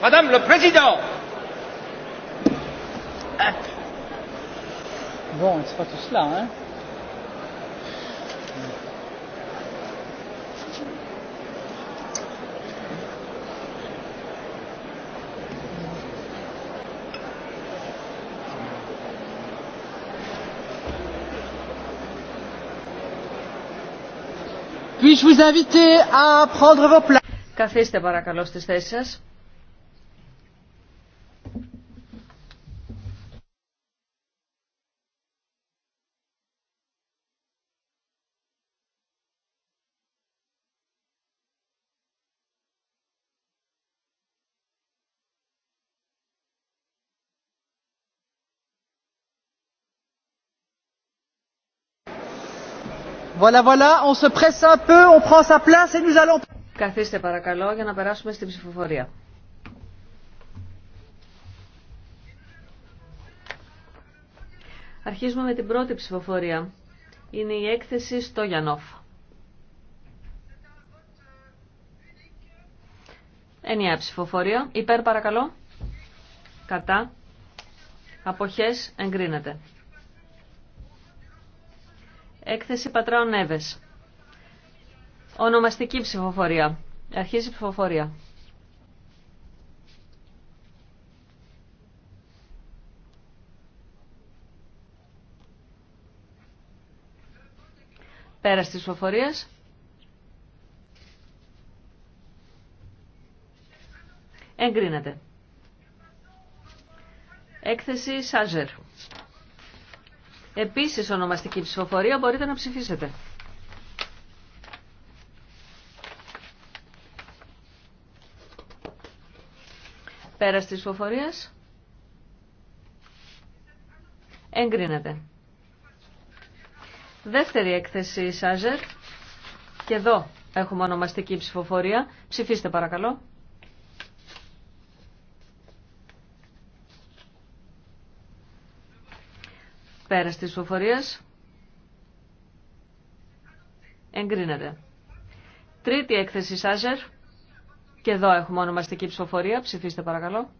Madame le Président. Bon, c'est pas tout cela, hein. Puis-je vous inviter à prendre vos places Καθίστε παρακαλώ στις θέσεις σας. Voilà, Καθίστε παρακαλώ για να περάσουμε στην ψηφοφορία. Αρχίζουμε με την πρώτη ψηφοφορία. Είναι η έκθεση στο Γιανόφ. Ενιαία ψηφοφορία. Υπέρ παρακαλώ. Κατά. Αποχές εγκρίνεται. Έκθεση Πατράων Εύες. Ονομαστική ψηφοφορία. Αρχίζει η ψηφοφορία. Πέρα τη ψηφοφορία. Εγκρίνεται. Έκθεση Σάζερ. Επίσης ονομαστική ψηφοφορία μπορείτε να ψηφίσετε. Πέρας της ψηφοφορίας. Εγκρίνεται. Δεύτερη έκθεση Σάζερ. Και εδώ έχουμε ονομαστική ψηφοφορία. Ψηφίστε παρακαλώ. Πέρας της ψηφοφορίας. Εγκρίνεται. Τρίτη έκθεση Σάζερ. Και εδώ έχουμε ονομαστική ψηφοφορία. Ψηφίστε παρακαλώ.